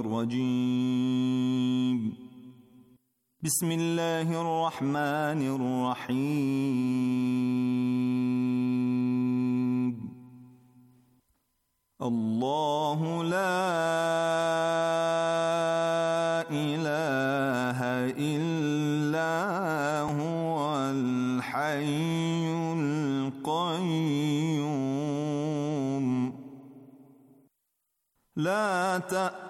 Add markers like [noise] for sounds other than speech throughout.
الرجيم بسم الله الرحمن الرحيم الله لا إله إلا هو الحي القيوم لا تأ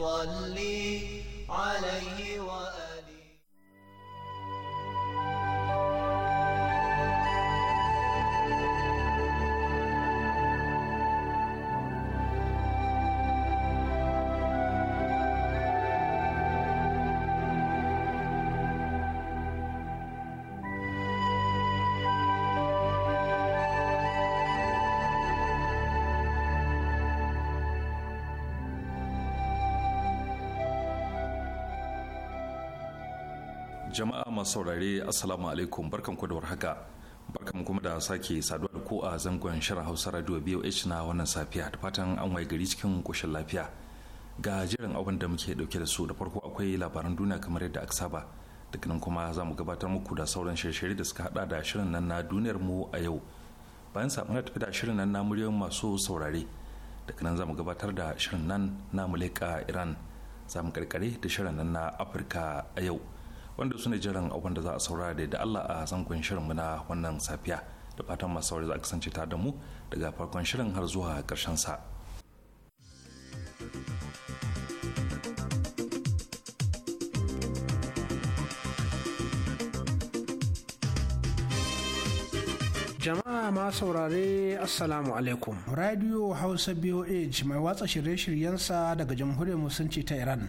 صلي jama'a masu saurare assalamu alaikum barkan ku da warhaka barkan kuma da sake saduwa da ku a zangon shirin hausa radio boh na wannan safiya da fatan an waye gari cikin koshin lafiya ga jiran abin da muke dauke da su da farko akwai labaran duniya kamar yadda aka saba daga nan kuma za mu gabatar muku da sauran shirye-shirye da suka hada da shirin nan na duniyar mu a yau bayan samu tafi da shirin nan na muryoyin masu saurare daga nan za mu gabatar da shirin nan na mulika iran za mu karkare da shirin nan na afirka a yau wanda su ne jiran abin da za a saurara da Allah a zangon shirin na wannan safiya da fatan masu saurari za a kasance ta da mu daga farkon shirin har zuwa karshen sa. Jama'a ma saurare Assalamu alaikum. Radio Hausa BOH mai watsa shirye-shiryensa daga Jamhuriyar Musulunci ta Iran.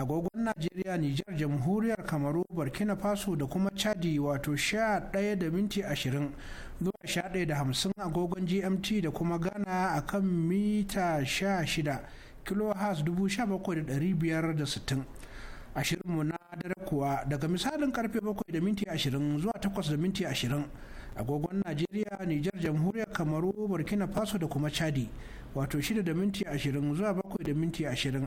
agogon najeriya nijar jamhuriyar kamaru burkina faso da kuma chadi wato ɗaya da minti ashirin zuwa ɗaya da hamsin agogon gmt da kuma ghana a kan mita shida kilohas dubu sha bakwai da da biyar sittin ashirinmu na dare kuwa daga misalin karfe bakwai da minti ashirin zuwa takwas da minti ashirin agogon najeriya nijar jamhuriyar kamaru burkina faso da kuma chadi wato shida da minti ashirin zuwa bakwai da minti ashirin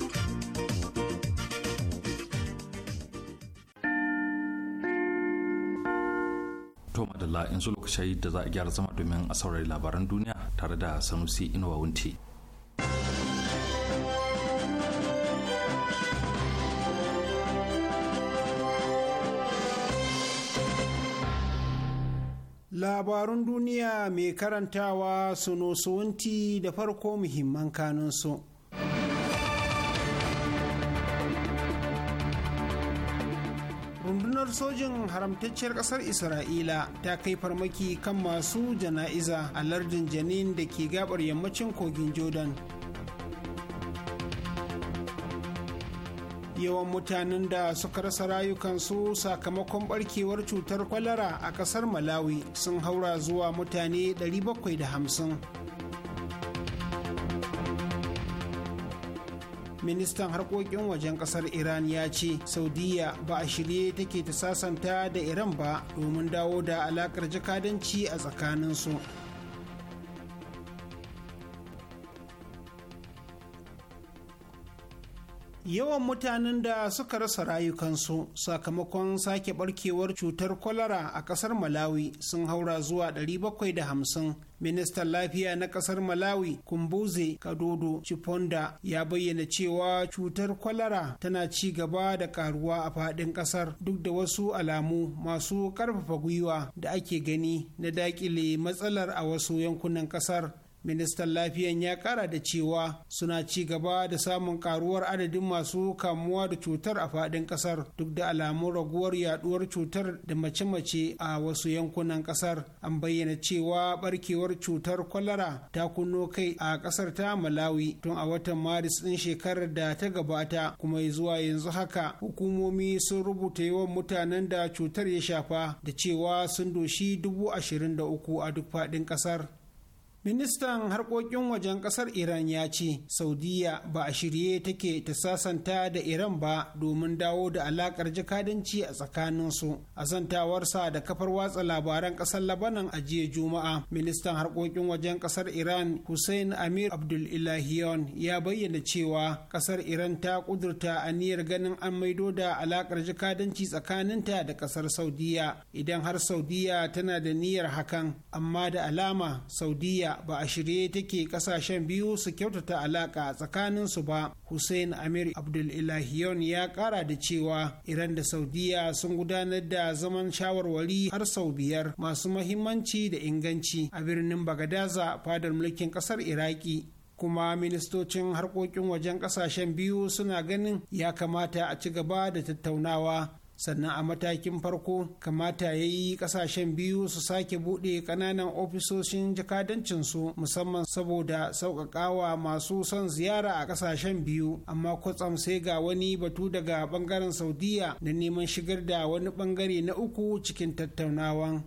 To madalla su lokacin da za a gyara zama domin a saurari labaran duniya tare da Sanusi Inuwa Wunti. Labarun duniya mai karantawa wunti da farko muhimman kanunsu. rundunar sojin haramtacciyar kasar isra'ila ta kai farmaki kan masu jana'iza a lardin janin da ke gabar yammacin kogin jordan yawan mutanen da suka rasa rayukansu sakamakon barkewar cutar kwalara a kasar malawi sun haura zuwa mutane 750 ministan harkokin wajen kasar iran ya ce saudiya ba a shirye take ta sasanta da iran ba domin dawo da alakar jakadanci a tsakaninsu. su yawan mutanen da suka rasa rayukansu sakamakon sake barkewar cutar kwalara a kasar malawi sun haura zuwa 750 ministan lafiya na kasar malawi kumbuze kadodo chiponda ya bayyana cewa cutar kwalara tana ci gaba da karuwa a fadin kasar duk da wasu alamu masu karfafa gwiwa da ake gani na dakile matsalar a wasu yankunan kasar ministan lafiyan ya kara da cewa suna ci gaba da samun karuwar adadin masu kamuwa da cutar a fadin kasar duk da alamun raguwar yaduwar cutar da mace-mace a wasu yankunan kasar an bayyana cewa barkewar cutar kwalara ta kunno kai a kasar ta malawi tun a watan maris din shekarar da ta gabata kuma zuwa yanzu haka hukumomi sun rubuta yawan mutanen da cutar ya shafa da cewa sun doshi dubu ashirin da uku a duk fadin kasar ministan harkokin wajen kasar iran ya ce saudiya ba a shirye take ta sasanta da iran ba domin dawo da alakar jakadanci a tsakaninsu a zantawarsa da kafar watsa labaran kasar labanan a jiya juma'a ministan harkokin wajen kasar iran hussein amir abdul ilahiyon ya bayyana cewa kasar iran ta kudurta aniyar ganin an maido da alakar jakadanci tsakaninta da kasar saudiya idan har saudiya tana da niyyar hakan amma da alama saudiya ba a shirye take kasashen biyu su kyautata alaka tsakanin su ba hussein amir abdul ilahiyon ya kara da cewa iran da saudiya sun gudanar da zaman shawarwari har sau biyar masu mahimmanci da inganci a birnin bagadaza fadar mulkin kasar iraki kuma ministocin harkokin wajen kasashen biyu suna ganin ya kamata a ci gaba da tattaunawa sannan a matakin farko kamata ya yi kasashen biyu su sake buɗe ƙananan ofisoshin jakadancinsu musamman saboda sauƙaƙawa masu son ziyara a ƙasashen biyu amma kwatsam sai ga wani batu daga ɓangaren saudiya na neman shigar da wani ɓangare na uku cikin tattaunawan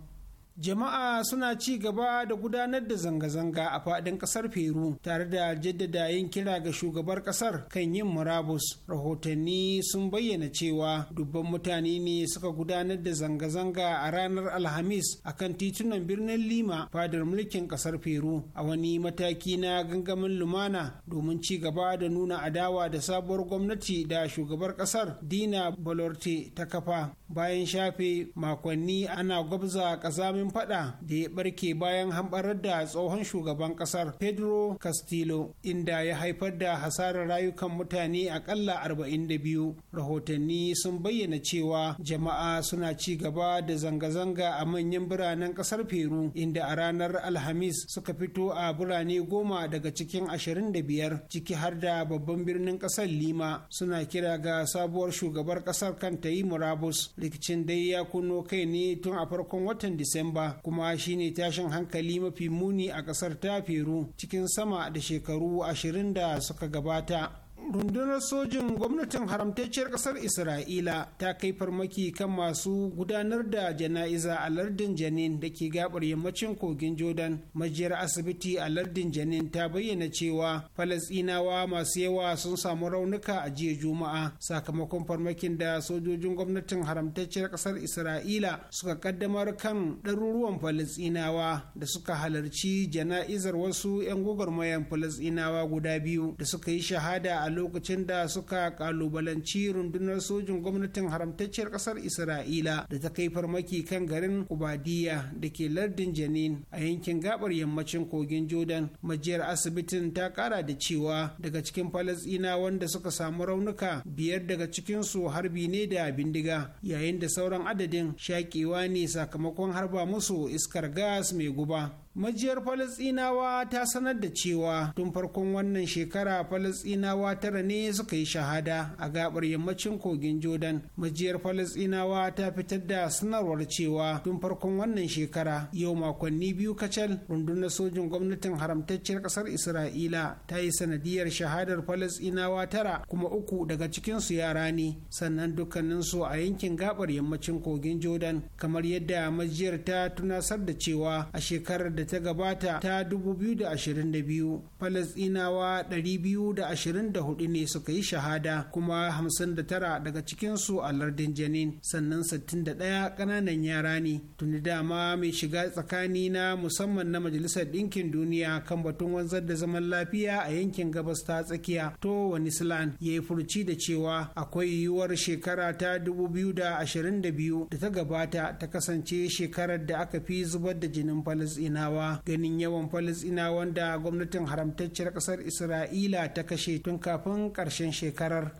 jama'a suna ci gaba da gudanar da zanga-zanga a fadin kasar peru tare da jaddada yin kira ga shugabar kasar kan yin murabus rahotanni sun bayyana cewa dubban mutane ne suka gudanar da zanga-zanga a ranar alhamis a kan titunan birnin lima fadar mulkin kasar peru a wani mataki na gangamin lumana domin ci gaba da nuna adawa da sabuwar gwamnati da shugabar kasar dina balorte ta kafa bayan shafe makonni ana gwabza kazamin kungiyoyin fada da ya barke bayan hambarar da tsohon shugaban kasar pedro castillo inda ya haifar da hasarar rayukan mutane akalla 42 rahotanni sun bayyana cewa jama'a suna ci gaba da zanga-zanga a manyan biranen kasar peru inda a ranar alhamis suka fito a birane goma daga cikin 25 ciki har da babban birnin kasar lima suna kira ga sabuwar shugabar kasar kan ta yi murabus rikicin dai ya kuno kai ne tun a farkon watan disamba ba kuma shine tashin hankali mafi muni a ƙasar ta peru cikin sama da shekaru ashirin da suka gabata rundunar sojin gwamnatin haramtacciyar kasar isra'ila ta kai farmaki kan masu gudanar da jana'iza a lardin janin da ke gabar yammacin kogin jordan majiyar asibiti a lardin janin ta bayyana cewa falasinawa masu yawa sun samu raunuka a jiya juma'a sakamakon farmakin da sojojin gwamnatin haramtacciyar kasar isra'ila suka kaddamar kan ɗaruruwan falasinawa da suka halarci jana'izar wasu 'yan gwagwarmayan falasinawa guda biyu da suka yi shahada a lokacin da suka kalubalanci rundunar sojin gwamnatin haramtacciyar kasar isra'ila da ta kai farmaki kan garin kubadiya da ke lardin janin a yankin gabar yammacin kogin jordan majiyar asibitin ta kara da cewa daga cikin falasina wanda suka samu raunuka biyar daga cikin su harbi ne da bindiga yayin da sauran adadin shakewa ne sakamakon harba musu iskar gas mai guba majiyar falasinawa ta sanar da cewa tun farkon wannan shekara falasinawa tara ne suka yi shahada a gabar yammacin kogin jordan majiyar falasinawa ta fitar da sanarwar cewa tun farkon wannan shekara yau makonni biyu kacal rundunar sojin gwamnatin haramtacciyar kasar isra'ila ta yi sanadiyar shahadar falasinawa tara kuma uku daga cikin su yara ne sannan dukkaninsu a yankin gabar yammacin kogin jordan kamar yadda majiyar ta tunasar da cewa a shekarar da da ta gabata ta 2022 falasinawa 224 ne suka yi shahada kuma 59 daga cikinsu a lardin janin sannan 61 ƙananan yara ne tuni dama mai shiga tsakani na musamman na majalisar ɗinkin duniya kan batun wanzar da zaman lafiya a yankin gabas ta tsakiya to wani slan ya yi furci da cewa akwai yiwuwar shekara ta 2022 da ta gabata ta kasance shekarar da aka fi zubar da jinin falasinawa gazawa ganin yawan ina wanda gwamnatin haramtacciyar ƙasar isra'ila ta kashe tun kafin ƙarshen shekarar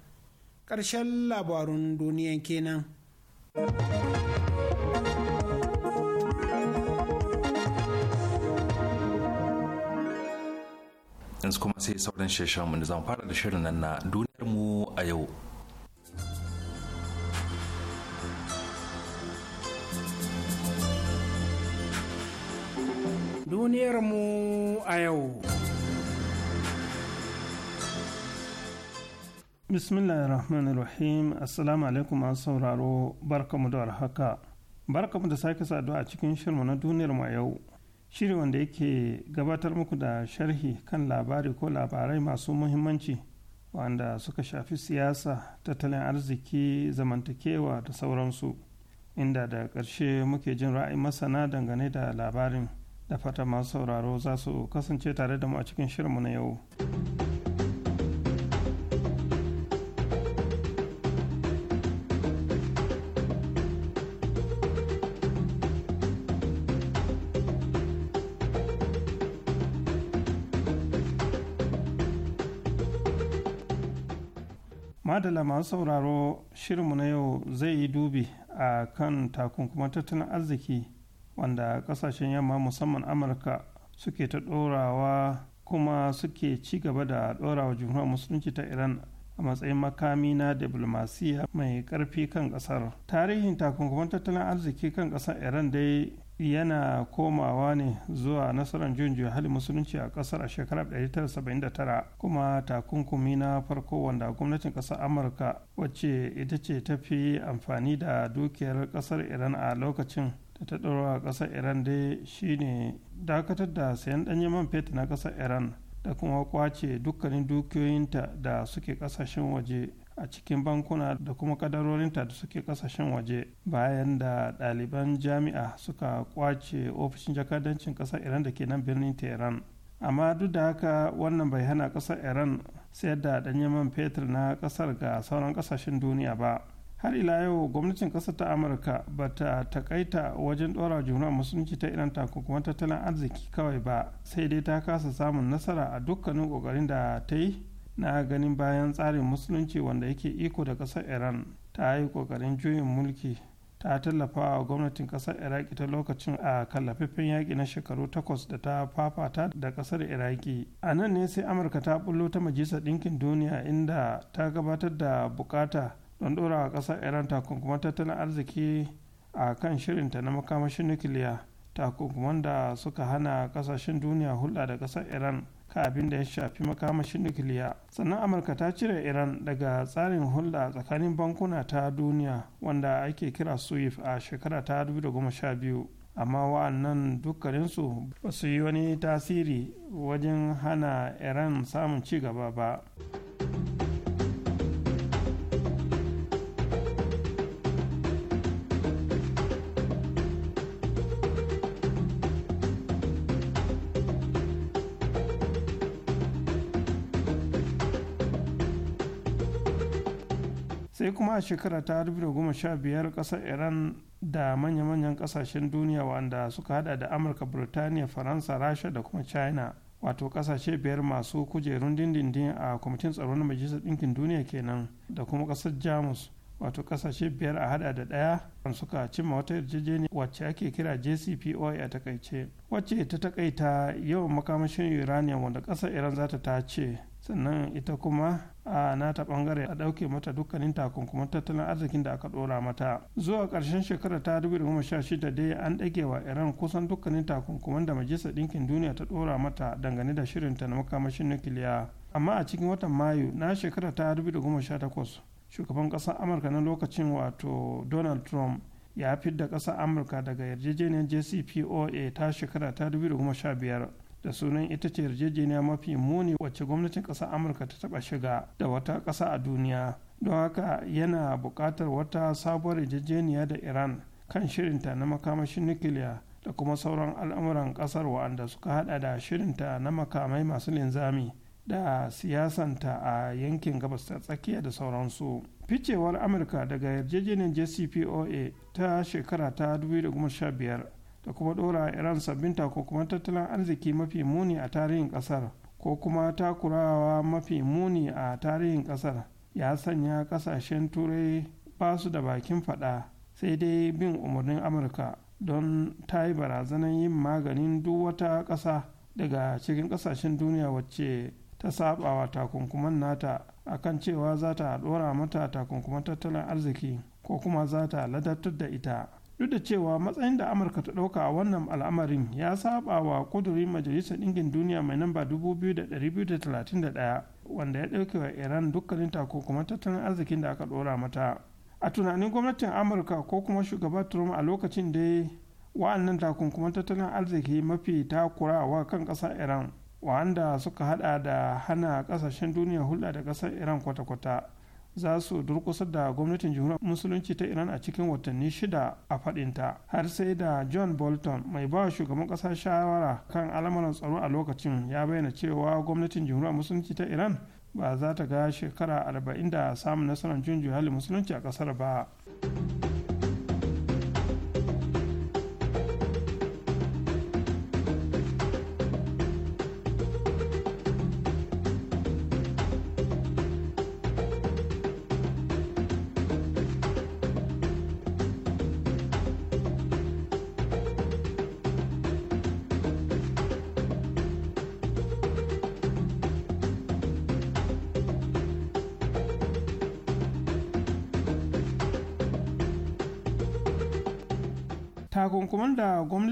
karshen labarun duniyan kenan. yanzu kuma sai sauran shirin da zan fara da shirin nan na duniyarmu a yau duniyarmu a yau. rahim Assalamu alaikum an sauraro barkamu da warhaka. Barkamu da sake saduwa a cikin shirmu na duniyarmu a yau. Shiri wanda yake gabatar muku da sharhi kan labari ko labarai masu muhimmanci wanda suka shafi siyasa, tattalin arziki, zamantakewa da sauransu. Inda da ƙarshe muke jin ra'ayin masana dangane da labarin. da fata masu sauraro za su kasance tare da mu a cikin shirinmu na yau. Madala masu sauraro shirinmu na yau zai yi dubi a kan takunkuman tattalin arziki wanda kasashen yamma musamman amurka suke ta ɗorawa kuma suke ci gaba da ɗorawa jihar musulunci ta iran a matsayin makami na diplomasiya mai ƙarfi kan ƙasar tarihin takunkuman tattalin arziki kan ƙasar iran dai yana komawa ne zuwa nasarar junjiyar hali musulunci a ƙasar a shekarar 1979 kuma takunkumi na farko wanda gwamnatin ƙasar amurka wacce ita ce ta fi amfani da dukiyar ƙasar iran a lokacin da ta ɗora a ƙasar iran dai shine dakatar da sayan ɗanyen man fetur na ƙasar iran da kuma kwace dukkanin dukiyoyinta da suke ƙasashen waje a cikin bankuna da kuma kadarorinta da suke ƙasashen waje bayan da ɗaliban jami'a suka kwace ofishin jakadancin ƙasar iran da ke nan birnin tehran amma duk da haka wannan bai hana ƙasar iran sayar da ɗanyen man fetur na ƙasar ga sauran ƙasashen duniya ba har ila yau gwamnatin ƙasar ta amurka ba ta takaita wajen ɗora juna musulunci ta iran takunkuman tattalin arziki kawai ba sai dai ta kasa samun nasara a dukkanin ƙoƙarin da ta yi na ganin bayan tsarin musulunci wanda yake iko da ƙasar iran ta yi ƙoƙarin juyin mulki ta tallafa wa gwamnatin ƙasar iraki ta lokacin a kallafaffen yaƙi na shekaru takwas da ta fafata da ƙasar iraki a nan ne sai amurka ta bullo ta majalisar ɗinkin duniya inda ta gabatar da bukata don dora a ƙasar iran takunkuman tattalin arziki a kan shirinta na makamashin nukiliya takunkuman da suka hana ƙasashen duniya hulɗa da ƙasar iran ka abin da ya shafi makamashin nukiliya sannan amurka ta cire iran daga tsarin hulɗa tsakanin bankuna ta duniya wanda ake kira swift a shekara ta 2012 amma wa'annan dukkaninsu ba su yi wani tasiri wajen hana iran samun ci gaba ba. sai kuma a shekara ta goma sha biyar ƙasar iran da manya-manyan ƙasashen duniya wanda suka hada da amurka burtaniya faransa rasha da kuma china wato ƙasashe biyar masu kujerun dindindin a kwamitin tsaro na majalisar ɗinkin duniya kenan da kuma ƙasar jamus wato ƙasashe biyar a hada da ɗaya suka cimma wata yarjejeniya wacce ake kira jcpoa a takaice wacce ta takaita yawan makamashin uranium wanda ƙasar iran za ta tace sannan ita kuma a ta bangare a dauke mata dukkanin takunkuman tattalin arzikin da aka dora mata zuwa karshen shekarar ta 2016 dai an dage wa iran kusan dukkanin takunkuman da majalisar ɗinkin duniya ta dora mata dangane da shirin ta na makamashin nukiliya amma a cikin watan mayu na shekarar ta 2018 shugaban ƙasar amurka na lokacin wato donald trump ya fidda ƙasar amurka daga yarjejeniyar jcpoa ta shekara ta biyar. da sunan ita ce yarjejeniya mafi muni wacce gwamnatin ƙasar amurka ta taɓa shiga da wata ƙasa a duniya don haka yana buƙatar wata sabuwar yarjejeniya da iran kan shirinta na makamashin nukiliya da kuma sauran al'amuran ƙasar wa'anda suka hada da shirinta na makamai masu linzami da siyasanta a yankin gabas ta tsakiya da sauransu ficewar amurka daga yarjejeniyar jcpoa ta shekara ta 2015 da kuma ɗora iran sabbin takunkuman tattalin arziki mafi muni a tarihin ƙasar ko kuma takurawa mafi muni a tarihin ƙasar ya sanya ƙasashen turai ba su da bakin faɗa sai dai bin umarnin amurka don ta yi barazanar yin maganin duk wata ƙasa daga cikin ƙasashen duniya wacce ta sabawa takunkuman nata akan cewa za ta ɗora mata takunkuman tattalin arziki ko kuma za ta ladabtar da ita duk da cewa matsayin da amurka ta ɗauka a wannan al'amarin ya saba wa kudurin majalisar ɗinkin duniya mai namba 2231 wanda ya ɗauke wa iran dukkanin takunkuman tattalin arzikin da aka ɗora mata a tunanin gwamnatin amurka ko kuma shugaba trump a lokacin da wa'annan takunkuman tattalin arziki mafi takurawa kan ƙasar iran wanda suka hada da hana ƙasashen duniya hulɗa da ƙasar iran kwata-kwata za su durkusa da gwamnatin jamhuriyar musulunci ta iran a cikin watanni shida a fadinta har sai da john bolton mai ba shugaban kasa shawara kan al'amuran tsaro a lokacin ya bayyana cewa gwamnatin jamhuriyar musulunci ta iran ba za ta ga shekara arba'in da samun nasarar jinjiyar musulunci a kasar ba.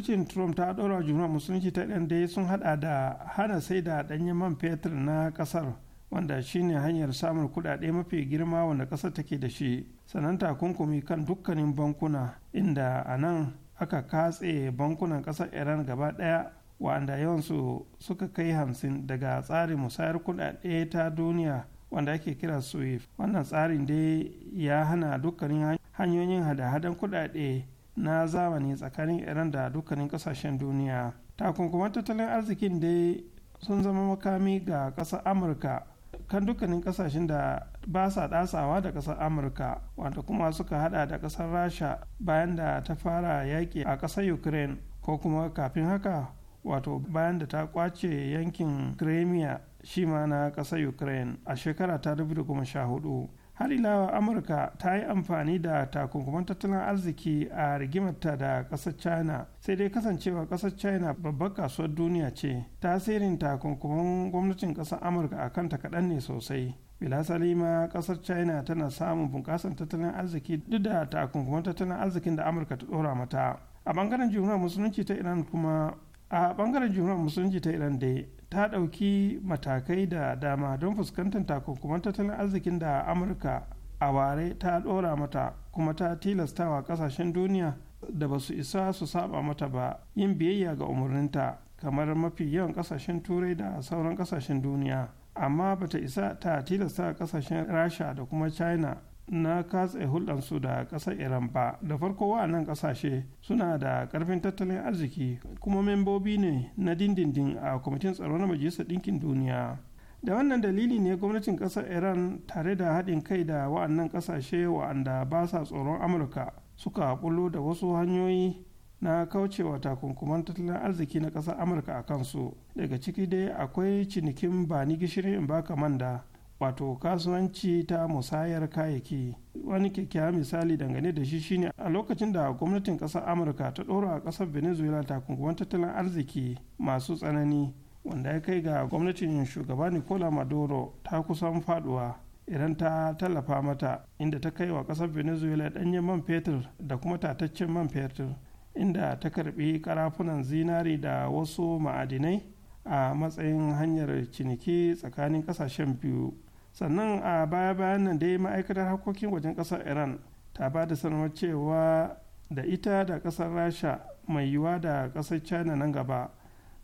gwamnatin trump ta dora juna musulunci ta ɗan dai sun hada da hana sai da ɗanyen man fetur na ƙasar wanda shine hanyar samun kuɗaɗe mafi girma wanda ƙasar take da shi sannan takunkumi kan dukkanin bankuna inda a nan aka katse bankunan ƙasar iran gaba ɗaya wanda yawansu suka kai hamsin daga tsarin musayar kuɗaɗe ta duniya wanda ake kira swift wannan tsarin dai ya hana dukkanin hanyoyin hada-hadan kuɗaɗe na zamani tsakanin iran da dukkanin kasashen duniya takunkuman tattalin arzikin dai sun zama makami ga ƙasar amurka kan dukkanin kasashen da ba sa ɗasawa da ƙasar amurka wanda kuma suka hada da ƙasar rasha bayan da ta fara yaƙi a ƙasar ukraine ko kuma kafin haka wato bayan da ta kwace yankin crimea shi ma na ƙasar ukraine a shekara ta 2014 har ila amurka ta yi amfani da takunkuman tattalin arziki a rigimarta da ƙasar china sai dai kasancewa ƙasar china babbar kasuwar duniya ce tasirin takunkuman gwamnatin ƙasar amurka a kanta kaɗan ne sosai bila salima ƙasar china tana samun bunƙasar tattalin arziki duk da takunkuman tattalin arzikin da amurka ta ɗora mata a bangaren jimurar musulunci ta iran kuma a bangaren musulunci ta iran dai ta ɗauki matakai da dama don fuskantar takunkuman tattalin arzikin da amurka a ware ta ɗora mata kuma ta tilastawa ƙasashen duniya da ba su isa su saba mata ba yin biyayya ga umarninta kamar mafi yawan ƙasashen turai da sauran ƙasashen duniya amma bata isa ta tilasta ƙasashen rasha da kuma china na katse su da ƙasar iran ba da farko wa'annan ƙasashe suna da ƙarfin tattalin arziki kuma membobi ne na dindindin a kwamitin tsaro na majalisar ɗinkin duniya da wannan dalili ne gwamnatin ƙasar iran tare da haɗin kai da wa'annan ƙasashe wa'anda ba sa tsoron amurka suka bullo da wasu hanyoyi na kaucewa takunkuman tattalin arziki na ƙasar amurka a kansu daga ciki dai akwai cinikin ba ni gishirin in baka manda wato kasuwanci ta musayar kayayyaki wani kyakkyawa misali dangane da shi shine a lokacin da gwamnatin ƙasar amurka ta ɗora a ƙasar venezuela takunkuman tattalin arziki masu tsanani wanda ya kai ga gwamnatin shugaba nicola maduro ta kusan faduwa idan ta tallafa mata inda ta kai wa ƙasar venezuela ɗanyen man fetur da kuma tataccen man fetur inda ta karbi karafunan zinari da wasu ma'adinai a matsayin hanyar ciniki tsakanin ƙasashen biyu sannan a baya bayan nan dai ma'aikatar harkokin wajen ƙasar iran ta ba da sanarwar cewa da ita da ƙasar rasha mai yiwuwa da ƙasar china nan gaba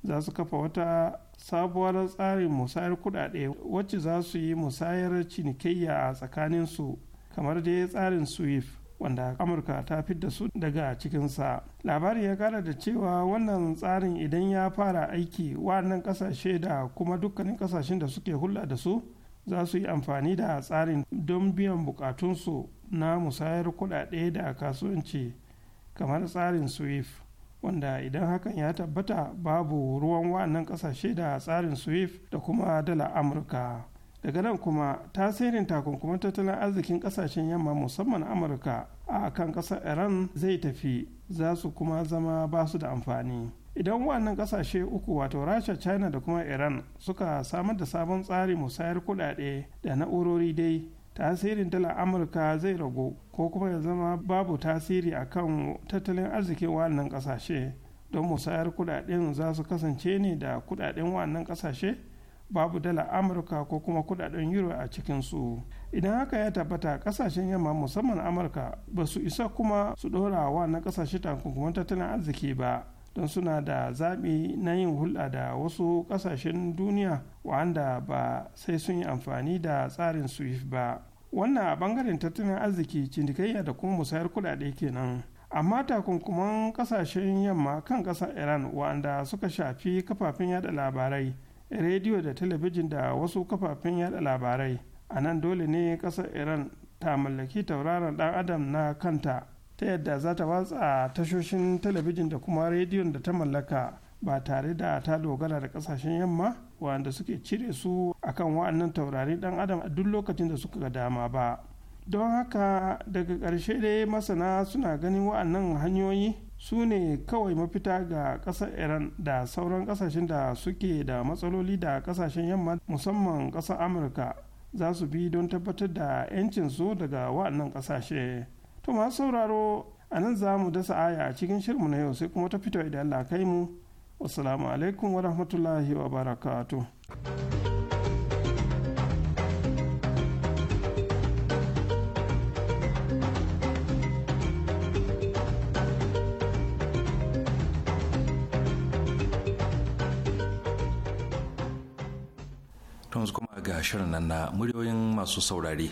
za su kafa wata sabuwar tsarin musayar kudade wacce za su yi musayar cinikayya a tsakanin su kamar dai tsarin swift wanda amurka ta da su daga cikinsa labari ya kara da cewa wannan tsarin idan ya fara aiki waɗannan ƙasashe da kuma dukkanin ƙasashen da suke hulɗa da su za su yi amfani da tsarin don biyan bukatunsu na musayar kudade da kasuwanci kamar tsarin swift wanda idan hakan ya tabbata babu ruwan wannan kasashe da tsarin swift da kuma dala amurka daga nan kuma tasirin takunkumin tattalin arzikin kasashen yamma musamman amurka a kan kasar iran zai tafi za su kuma zama ba su da amfani idan wannan kasashe uku wato rasha china da kuma iran suka samar da sabon tsari musayar kudade da na'urori dai tasirin dala amurka zai ragu ko kuma ya zama babu tasiri akan tattalin arzikin wannan kasashe don musayar kudaden za su kasance ne da kudaden wannan kasashe babu dala amurka ko kuma kudaden euro a cikinsu idan haka ya tabbata kasashen yamma musamman amurka ba su isa kuma su dora wannan na kasashe takunkuman tattalin arziki ba don suna da zaɓi na yin hulɗa da wasu ƙasashen duniya wa'anda ba sai sun yi amfani da tsarin swift ba wannan a ɓangaren tattalin arziki cinikayya da kuma musayar kuɗaɗe kenan amma takunkuman ƙasashen yamma kan ƙasar iran wa'anda suka shafi kafafen yada labarai rediyo da talabijin da wasu kafafen yada labarai a nan dole ne ƙasar iran ta mallaki tauraron ɗan adam na kanta ta yadda za ta watsa tashoshin talabijin da kuma rediyon da ta mallaka ba tare da ta dogara da kasashen yamma wanda suke cire su akan wa'annan taurari dan adam a duk lokacin da suka ga dama ba don haka daga ƙarshe dai masana suna ganin wa'annan hanyoyi su ne kawai mafita ga ƙasar iran da sauran ƙasashen da suke da matsaloli da ƙasashen yamma musamman ƙasar amurka za su bi don tabbatar da 'yancinsu daga wa'annan ƙasashe. to masu sauraro a nan za mu dasa aya a cikin shirmu na yau sai kuma ta fito idan Allah kai mu wasalamu alaikum wa rahmatullahi wa barakatu kuma ga shirin nan na muryoyin masu saurari.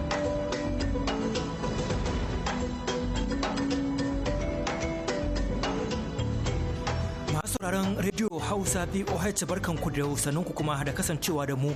sauraron Radio Hausa VOH ku da ku kuma da kasancewa da mu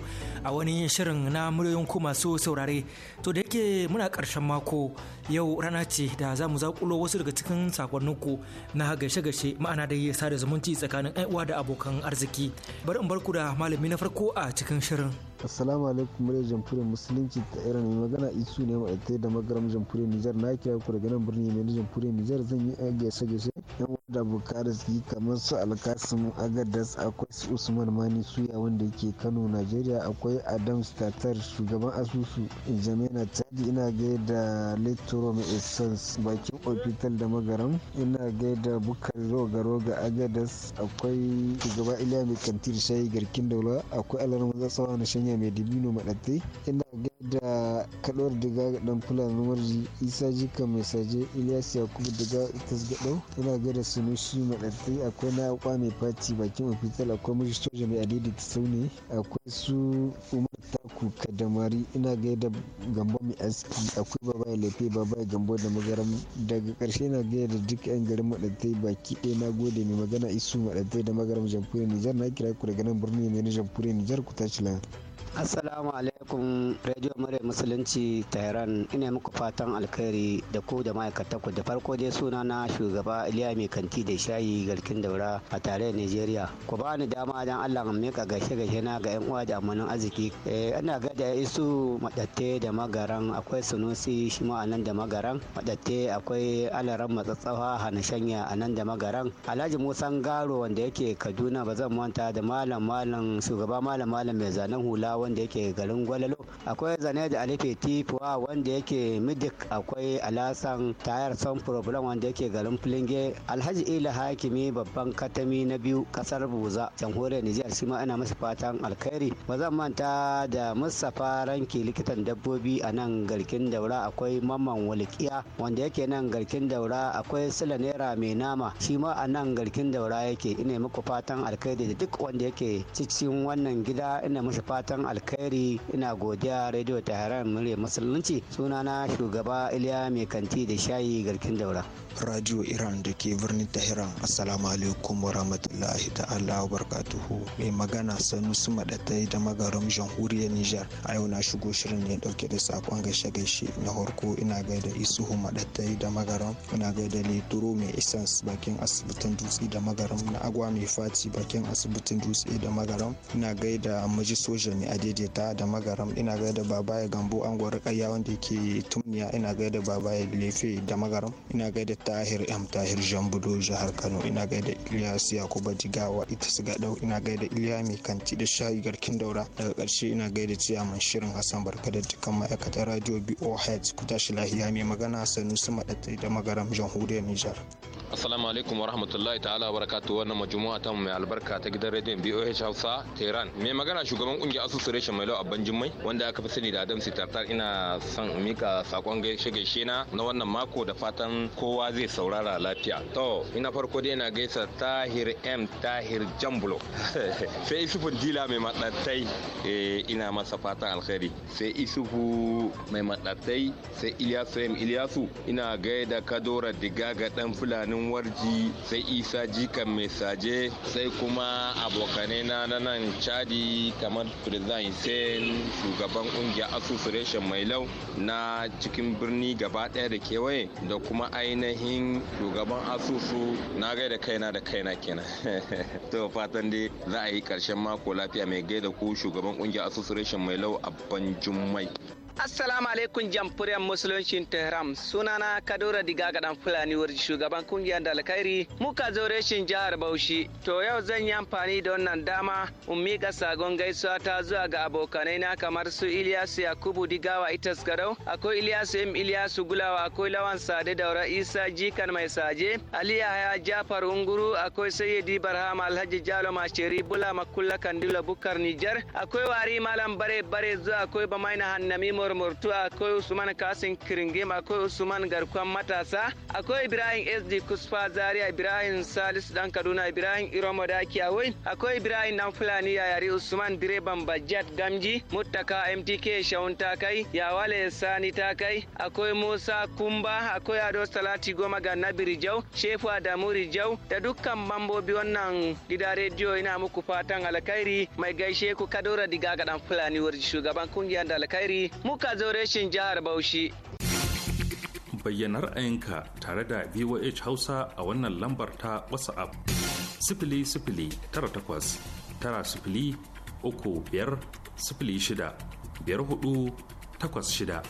a wani shirin na muryoyin ku masu saurare. To da yake muna karshen mako yau rana ce da za mu zaƙulo wasu daga cikin sakonninku na gashe-gashe ma'ana da ya sada zumunci tsakanin uwa da abokan arziki. Bari in barku da malami na farko a cikin shirin. assalamu alaikum murya jamhuriyar musulunci ta iran mai magana isu ne ma'aikatai da magaram jamhuriyar nijar na kira ku daga nan birni mai jamhuriyar nijar zan yi gaishe gasa yan da bukari su kamar su alkasim agadas akwai su usman mani suya wanda ke kano nigeria akwai adam statar shugaban asusu jamina chadi ina gaida lecturer mai essence bakin ofital da magaram ina gaida bukari roga roga agadas akwai shugaba iliya mai kantir shayi garkin daula akwai alarmu zasawa na shanya ne mai dabino maɗattai ina da kaɗuwar daga ga ɗan fulani warji isa jika mai saje ilyas yakubu daga itas gaɗau ina gaida sunushi maɗattai akwai na akwa mai fati bakin ofisal akwai mashi soja mai adidi ta saune akwai su umar taku kadamari ina gaida gambo mai aski akwai baba ya lefe baba ya gambo da magaram daga karshe na gaida duk yan garin maɗattai baki ɗaya na gode mai magana isu maɗattai da magaram jamhuriyar nijar na kira ku daga nan birni mai na jamhuriyar nijar ku tashi lafiya. Assalamu alaikum Radio Mare Musulunci Tehran ina muku fatan alkhairi da ku da ma'aikata ku da farko dai suna na shugaba Iliya mai kanti da shayi garkin daura a tare Nigeria. Ku ba ni dama dan Allah in mika gashe gashe na ga yan uwa da amanin arziki. Eh ina ga da isu madatte da magaran akwai sunusi shi ma anan da magaran madatte akwai alaran matsatsawa hana shanya anan da magaran. Alhaji Musa Garo wanda yake Kaduna ba zan manta da malam malam shugaba malam malam mai zanen hula wanda yake garin gwalalo akwai da alife tifuwa wanda yake midik akwai alasan tayar son problem wanda yake garin filinge alhaji ila hakimi babban katami na biyu kasar buza jamhuriyar nijar shi ma ina masa fatan alkhairi ba zan manta da mustapha ranki likitan dabbobi a nan garkin daura akwai mamman walikiya wanda yake nan garkin daura akwai sila naira mai nama shi ma a nan garkin daura yake ina muku fatan alkhairi da duk wanda yake cikin wannan gida ina masa fatan alkhairi alkhairi ina godiya radio taharar murya musulunci sunana shugaba iliya mai kanti da shayi garkin daura radio iran da ke birnin tahiran assalamu alaikum wa rahmatullahi ta'ala wa barkatuhu mai magana su madatai da magaram jamhuriyar nijar a yau na shigo shirin ne dauke da sakon gaishe gaishe na farko ina gaida isuhu madatai da magaram ina gaida leturo mai isans bakin asibitin dutse da magaram na agwa mai faci bakin asibitin dutse da magaram ina gaida maji soja mai daidaita da magaram ina gaida babaya gambo an gwari kayya wanda yake tumniya ina gaida babaya lefe da magaram ina gaida tahir m tahir jambudo jihar kano ina gaida ilyas yakuba jigawa ita su gadau ina gaida iliya mai kanti da shayi garkin daura daga karshe ina gaida ciyaman shirin hassan barka da dukkan ma'aikatan radio boh ku tashi lahiya mai magana su maɗatai da magaram jamhuriyar nijar assalamu alaikum warahmatullahi ta'ala barakatu wannan majumu'a ta mai albarka ta gidan rediyon boh hausa tehran mai magana shugaban kungiyar asusun adireshin mai lau abban jimmai wanda aka fi sani da adam sitartar ina son mika sakon gaishe gaishe na na wannan mako da fatan kowa zai saurara lafiya to ina farko dai ina gaisa tahir m tahir jambulo [laughs] sai isufu dila mai matsatai eh, ina masa fatan alkhairi sai isufu mai matsatai sai iliyasu m iliyasu ina gaida kadora diga ga dan fulanin warji sai isa jikan mai saje sai kuma abokanai na nan chadi kamar firzan Musa Hussein shugaban kungiyar asusu reshen lau na cikin birni gaba ɗaya da kewaye da kuma ainihin shugaban asusu na gaida kaina da kaina kenan. [laughs] to fatan dai za a yi ƙarshen mako lafiya mai gaida ku shugaban kungiyar asusu reshen lau a ban jummai. Assalamu alaikum jamfuriyar musulunci Tehran sunana Kadura Diga ga dan Fulani Wurin shugaban kungiyar da alkhairi muka zo reshin jihar Bauchi to yau zan yi amfani da wannan dama in mika sagon gaisuwa ta zuwa ga abokanai na kamar su Ilyasu Yakubu Digawa Itas Garau akwai Ilyasu M Ilyasu Gulawa akwai Lawan Sade Daura Isa Jikan Mai Saje Ali Yahaya Jafar Unguru akwai Sayyidi Barham Alhaji Jalo Masheri Bula Makulla Kandila Bukar Nijar akwai Wari Malam Bare Bare zuwa akwai Bamaina Hannami Umar Murtu akwai Usman Kasim Kiringim akwai Usman Garkon Matasa akwai Ibrahim SD Kusfa Zaria Ibrahim Salisu Dan Kaduna Ibrahim Iromo Daki akwai Ibrahim Dan Fulani Yayari Usman Direban Bajat Gamji Muttaka MTK Shaun Takai Yawale Sani Takai akwai Musa Kumba akwai Ado Salati Goma ga Nabi Rijau Shefu Adamu Rijau da dukkan mambobi wannan gida rediyo ina muku fatan alkhairi mai gaishe ku Kadora Diga ga Dan Fulani Warji shugaban kungiyar da alkhairi mu Kuka zo reshin jihar Bauchi. Bayyana ra'ayinka tare da VOH Hausa a wannan lambar ta WhatsApp. Sifili sifili tara takwas tara sifili uku biyar sifili shida biyar hudu takwas shida.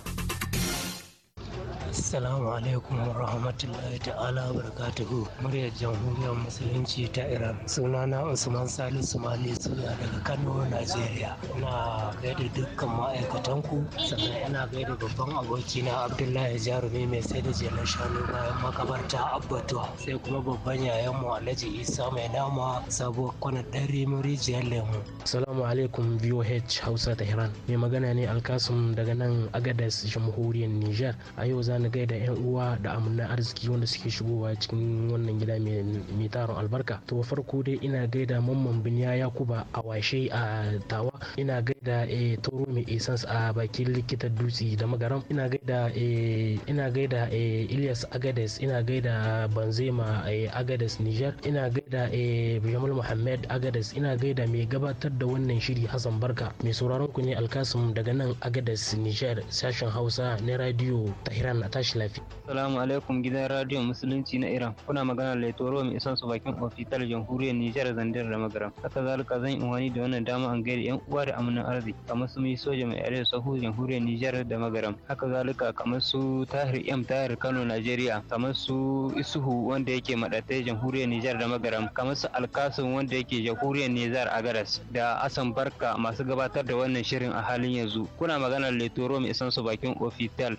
Assalamu alaikum wa rahmatullahi ta'ala wa barakatuhu. Muryar Jamhuriyar Musulunci ta Iran. Sunana Usman Salisu Mali Suya daga Kano, Najeriya. Ina gaida dukkan ma'aikatan ku sannan ina gaida babban abokina Abdullahi Jarumi mai sai da jelar shanu bayan makabarta Abbatuwa. Sai kuma babban yayan mu Alhaji Isa mai nama sabuwar kwana ɗan rimuri jiyar lemu. Assalamu alaikum VOH Hausa Iran! Mai magana ne Alkasum daga nan Agadas Jamhuriyar Nijar. A yau za gida na gaida yan uwa da amina arziki wanda suke shigowa cikin wannan gida mai taron albarka to farko dai ina gaida mamman ya yakuba a washe a tawa ina gaida e, toro mai a bakin likita dutse da magaram ina gaida e, ina gaida e, ilyas agades ina gaida banzema e, agades niger ina gaida e, jamal muhammad agades ina gaida mai gabatar da wannan shiri hassan barka mai sauraron ku ne alkasim daga nan agades niger sashen hausa na radio tahiran Allah tashi lafiya. Salamu alaikum gidan radio musulunci na Iran. Kuna magana Laitoro mai isan su bakin ofital jamhuriyar Nijar Zandar da Magaram. Haka zalika zan yi wani da wannan dama an gaida yan uwa da amina arzi kamar su mai soja mai arewa sahu jamhuriyar Nijar da Magaram. Haka zalika kamar su Tahir M Tahir Kano Najeriya kamar su Isuhu wanda yake madatai jamhuriyar Nijar da Magaram kamar su alkasun wanda yake jamhuriyar Nijar a Garas da Asan Barka masu gabatar da wannan shirin a halin yanzu. Kuna magana Laitoro mai isan su bakin ofital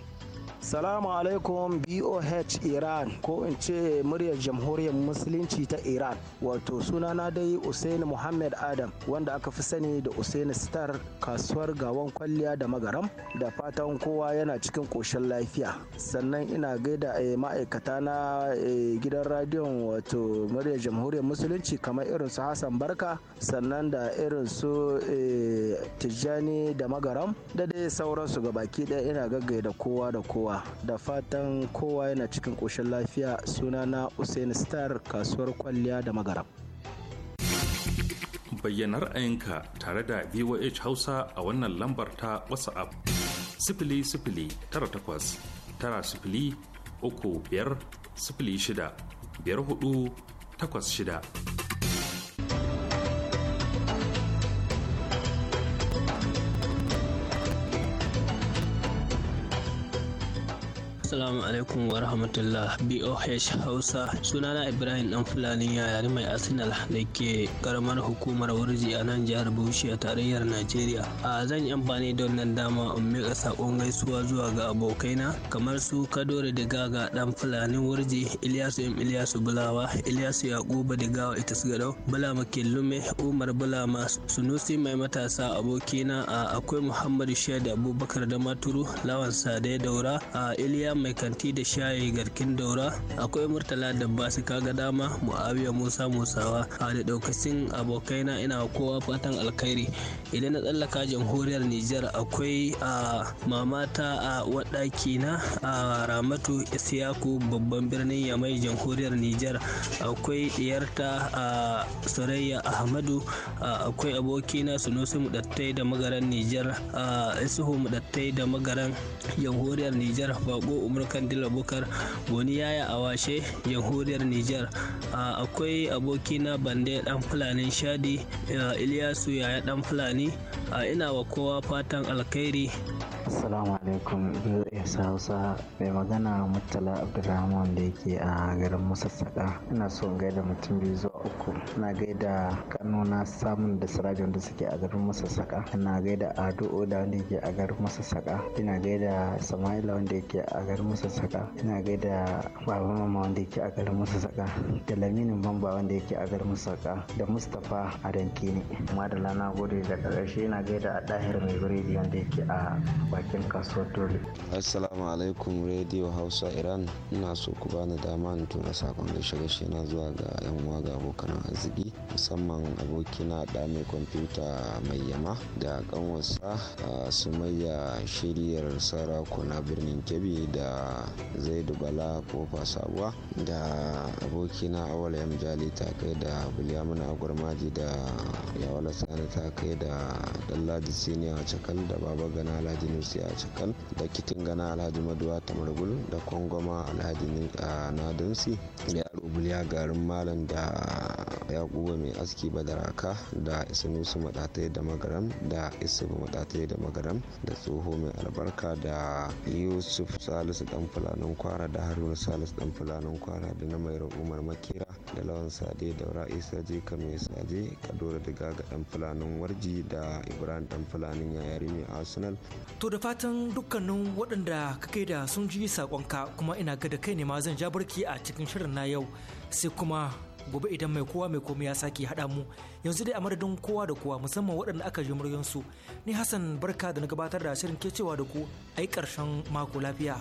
Salamu alaikum BOH Iran ko in ce muryar jamhuriyar musulunci ta Iran. Wato sunana dai Usaini Muhammad Adam wanda aka fi sani da Usaini Star kasuwar gawan kwalliya da magaram da fatan kowa yana cikin koshin lafiya. Sannan ina gaida a eh, ma'aikata na eh, gidan radiyon wato muryar jamhuriyar musulunci kamar irin su Hassan Barka sannan da irin su eh, Tijjani da magaram da dai sauransu gabaki ɗaya ina gaggaida kowa da kowa. da fatan kowa yana cikin koshin lafiya suna na Usain Star kasuwar kwalliya da magara. Bayyana ra'ayinka tare da VOH Hausa a wannan lambar ta WhatsApp. Sifili sifili tara takwas tara sifili uku biyar sifili shida biyar hudu takwas shida. Assalamu alaikum wa rahmatullah BOH Hausa sunana Ibrahim dan Fulani yayari mai Arsenal da ke karamar hukumar Wurji a nan jihar Bauchi a tarayyar Najeriya. A zan yi amfani da wannan dama in miƙa sakon gaisuwa zuwa ga abokaina kamar su Kadore da Gaga dan Fulani Wurji, Ilyasu M Ilyasu Bulawa, Ilyasu Yakubu da Gawa ita Gadau, Bala Killume, Umar Bulama, Sunusi mai matasa abokina a akwai Muhammadu da Abubakar da Maturu, Lawan Sade Daura, a Ilyasu mai kanti da shayi garkin daura akwai murtala da basu kaga dama mu'awiya musa musawa a da daukacin abokaina ina kowa fatan alkhairi idan na tsallaka jamhuriyar nijar akwai a mamata a waɗaki na a ramatu isiyaku babban birnin yamai jamhuriyar nijar akwai diyarta a surayya ahmadu akwai abokina sunusi mudattai da magaran nijar a isuhu mudattai da magaran jamhuriyar nijar bako amurkan dilabukar goni yaya awashe jamhuriyar niger akwai abokina bande ɗan fulanin shadi iliyasu yaya ɗan fulani ina wa kowa fatan alkhairi Assalamu alaikum VOA Hausa mai magana Murtala Abdulrahman da yake a garin Musassaka. Ina so in gaida mutum biyu zuwa uku na gaida na samun da sirajin da suke a garin masassaka ina gaida ado oda wanda yake a garin masassaka ina gaida sama'ila wanda yake a garin masassaka ina gaida baba mama wanda yake a garin masassaka da laminin bamba wanda yake a garin masassaka da mustapha a danki ne madala na gode da karshe ina gaida a dahir mai biredi wanda yake a bakin kasuwar dole assalamu alaikum radio hausa iran ina so ku bani dama in tuna sakon da shirye na zuwa ga yan uwa ga abokan arziki musamman abokina da mai kwamfuta mai yama da kanwarsa sumayya shiryar na birnin kebbi da zaidu bala kofa sabuwa da abokina awal mujali ta kai da bulyamuna agwarmaji da yawala sani ta kai da dalladi siniya a cakal da baba gana alhaji nusi a cakal da kitin gana alhaji maduwa tamargul da kwangoma alhaji nadunsi da rubuliya garin malam da yakuba mai aski badaraka da isinusu maɗatai da magaram da isubu maɗatai da magaram da tsoho mai albarka da yusuf salisu ɗan fulanin kwara da haruna salisu ɗan fulanin kwara da na mai umar makera da lawan sade da ra'i saje mai saje kadora da gaga dan fulanin warji da ibrahim ɗan fulanin yayari mai arsenal to da fatan dukkanin waɗanda ka kai da sun ji sakonka kuma ina ga da kai ne ma zan ja barki a cikin shirin na yau sai kuma gobe idan mai kowa mai komai ya sake haɗa mu yanzu dai a madadin kowa da kowa musamman waɗanda aka ji muryansu ni hassan barka da na gabatar da shirin cewa da ku a yi ƙarshen mako lafiya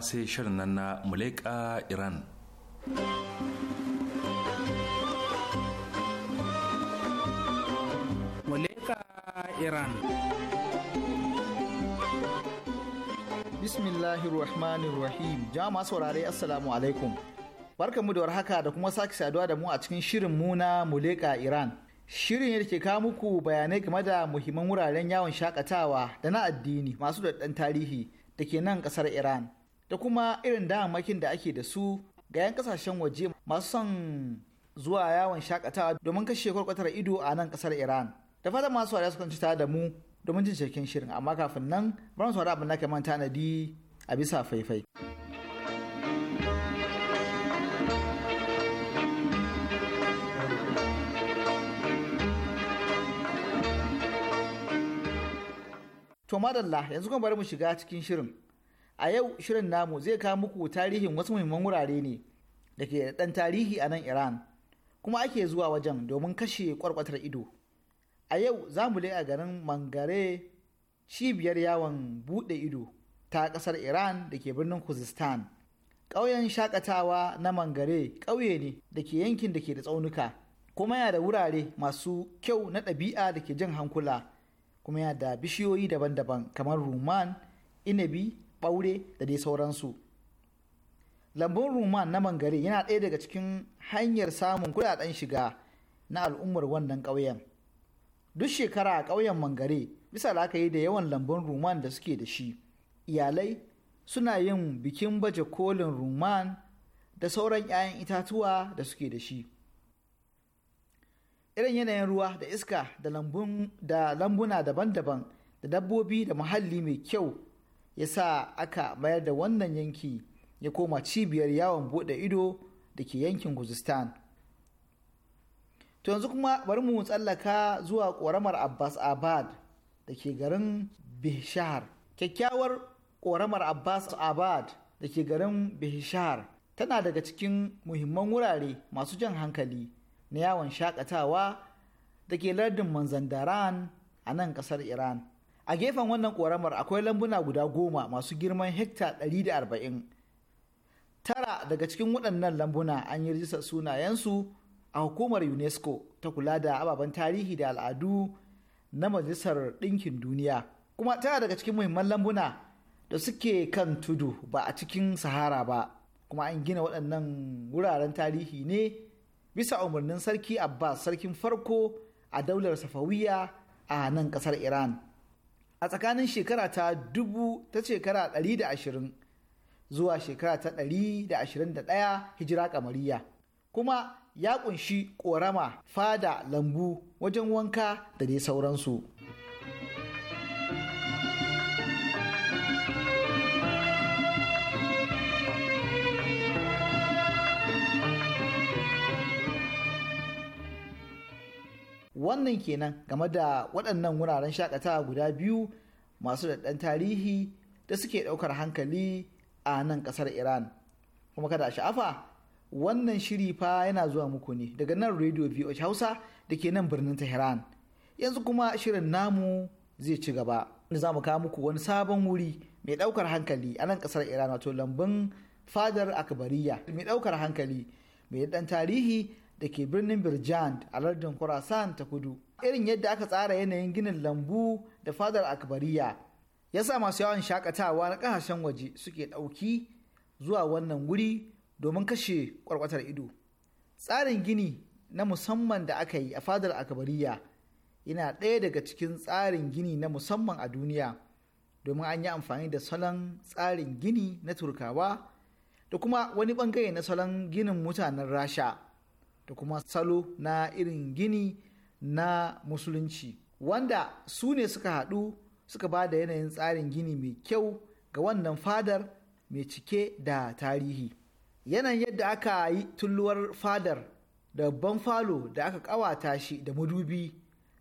sai shirin nan na muleka iran muleka iran bismillahirrahmanirrahim jama'a saurare assalamu alaikum barkanmu da warhaka da kuma sake saduwa da mu a cikin shirin mu na muleka iran shirin ne da ke kawo muku bayanai game da muhimman wuraren yawon shakatawa da na addini masu da tarihi da ke nan ƙasar iran da kuma irin damammakin da ake da su ga 'yan kasashen waje masu son zuwa yawon shakatawa domin kashe kwarkwatar ido a nan kasar iran da fatan masu su sukan cuta da mu domin jin cikin shirin amma kafin nan bar mu abin na kaman tanadi a bisa faifai. To madalla yanzu kuma bari mu shiga cikin shirin a yau shirin namu zai kawo muku tarihin wasu muhimman wurare ne da ke da tarihi a nan Iran kuma ake zuwa wajen domin kashe kwarkwatar ido. A yau za mu a garin Mangare cibiyar yawon bude ido ta kasar Iran da ke birnin Kuzistan. Ƙauyen shakatawa na Mangare ƙauye ne da ke yankin da ke da tsaunuka kuma yana da wurare masu kyau na ɗabi'a da ke jan hankula kuma yana da bishiyoyi daban-daban kamar ruman, inabi, ɓaure da dai sauransu lambun ruman na mangare yana ɗaya daga cikin hanyar samun kuɗaɗen shiga na al'ummar wannan ƙauyen duk shekara a ƙauyen mangare bisa la'akari da yawan lambun ruman da suke da shi iyalai suna yin bikin baje kolin ruman da sauran 'ya'yan itatuwa da suke da shi irin yanayin ruwa da iska da lambuna daban-daban da dabbobi da muhalli mai kyau ya sa aka mayar da wannan yanki ya koma cibiyar yawon bude ido da ke yankin guzistan to yanzu kuma bari mu tsallaka zuwa ƙoramar abbas abad da ke garin bishar kyakkyawar ƙoramar abbas abad da ke garin bishar tana daga cikin muhimman wurare masu jan hankali na yawon shakatawa da ke lardin manzandaran a nan ƙasar iran a gefen wannan ƙoramar akwai lambuna guda goma masu girman hekta 140 tara daga cikin waɗannan lambuna an yi rijistar sunayensu a hukumar unesco ta kula da ababen tarihi da al'adu na majalisar ɗinkin duniya kuma tara daga cikin muhimman lambuna da suke kan tudu ba a cikin sahara ba kuma an gina waɗannan wuraren tarihi ne bisa umarnin sarki abbas sarkin farko a daular safawiya a nan ƙasar iran a tsakanin shekara ta dubu ta shekara 120 zuwa shekara ta 121 hijira kamariya kuma ya ƙunshi ƙorama fada lambu wajen wanka da dai sauransu wannan kenan game da waɗannan wuraren shakatawa guda biyu masu daɗan tarihi da suke ɗaukar hankali a nan ƙasar iran kuma kada sha'afa wannan shiri fa yana zuwa muku ne daga nan radio voh hausa da ke nan birnin tehran yanzu kuma shirin namu zai ci gaba za mu kawo muku wani sabon wuri mai ɗaukar hankali a nan ƙasar iran wato lambun fadar akbariya mai ɗaukar hankali mai ɗan tarihi da ke birnin birjan a lardin khorasan ta kudu irin yadda aka tsara yanayin ginin lambu da fadar akbariya ya sa masu yawan shakatawa na kasashen waje suke ɗauki zuwa wannan wuri domin kashe kwarkwatar ido tsarin gini na musamman da aka yi a fadar akbariya yana ɗaya daga cikin tsarin gini na musamman a duniya domin an yi amfani da salon tsarin gini na turkawa da kuma wani bangare na salon ginin mutanen rasha da kuma salo na irin gini na musulunci wanda su ne suka haɗu suka ba da yanayin tsarin gini mai kyau ga wannan fadar mai cike da tarihi yanayin yadda aka yi tulluwar fadar da babban falo da aka ƙawata shi da madubi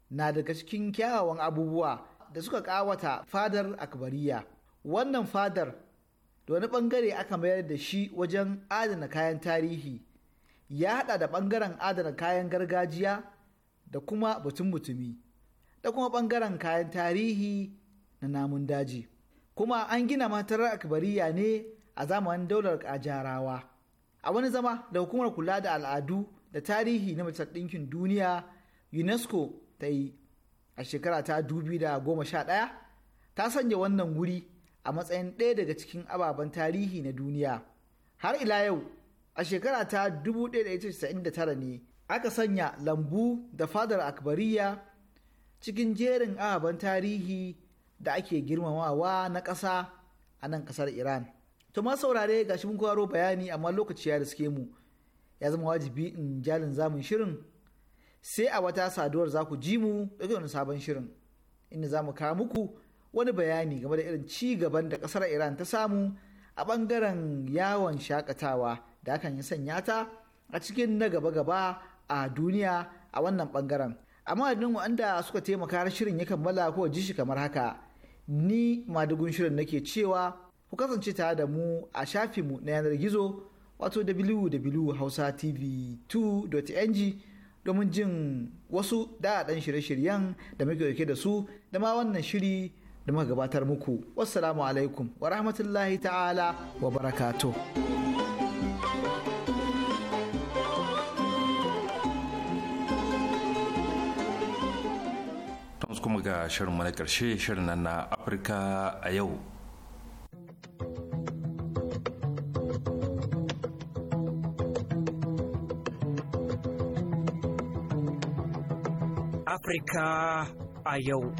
na daga cikin kyawawan abubuwa da suka ƙawata fadar akbariya wannan fadar da wani ɓangare aka mayar da shi wajen adana kayan tarihi ya haɗa da ɓangaren adana kayan gargajiya da kuma batun mutumi da kuma ɓangaren kayan tarihi na namun daji kuma an gina matarar akbariya ne a zamanin daular kajarawa a wani zama da hukumar kula da al'adu da tarihi na majalisar ɗinkin duniya unesco ta yi a shekara ta ɗaya ta sanya wannan wuri a matsayin ɗaya daga cikin ababen tarihi na duniya har ila yau a shekara ta 1999 ne aka sanya lambu da fadar akbariya cikin jerin ababen tarihi da ake girmamawa na ƙasa a nan ƙasar iran to ma saurare ga shi kwaro bayani amma lokaci ya riske mu ya zama wajibi in jalin zamun shirin sai a wata saduwar za ku ji mu daga wani sabon shirin inda za mu kawo muku wani bayani game da irin ci gaban da ƙasar iran ta samu a ɓangaren yawon shakatawa da hakan ya sanya ta a cikin na gaba-gaba a duniya a wannan bangaren amma adadin wanda suka taimaka har shirin ya kammala ko ji shi kamar haka ni madugun shirin nake cewa ku kasance tare da mu a shafinmu na yanar gizo wato www.hausatv2.ng domin jin wasu daɗaɗɗen shirye-shiryen da muke dauke da su da ma wannan shiri da muka gabatar muku. Wassalamu alaikum wa rahmatullahi ta'ala wa barakatuh. kuma ga shirinmu na ƙarshe shirin nan na afirka a yau afirka a yau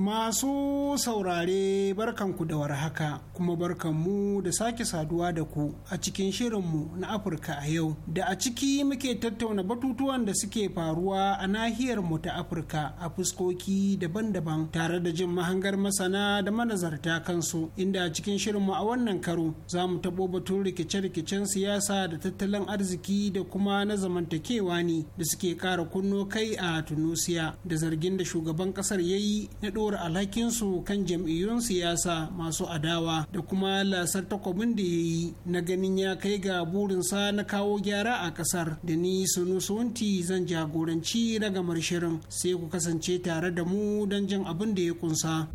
Masu saurare barkanku da warhaka kuma barkanmu da sake saduwa da ku a cikin shirinmu na Afirka a yau da a ciki muke tattauna batutuwan da suke faruwa a nahiyar mu ta Afirka a fuskoki daban-daban tare da jin mahangar masana da manazarta kansu inda a cikin shirinmu a wannan karo za mu taɓo batun rikice-rikicen siyasa da tattalin arziki da kuma na zamantakewa ne da suke ƙara kunno kai a Tunusiya da zargin da shugaban ƙasar ya yi na kawar alhakinsu kan jam'iyyun siyasa masu adawa da kuma lasar takwabin da ya yi na ganin ya kai ga burinsa na kawo gyara a kasar da ni sunu suwanti zan jagoranci ragamar shirin sai ku kasance tare da mu don jin abin da ya kunsa.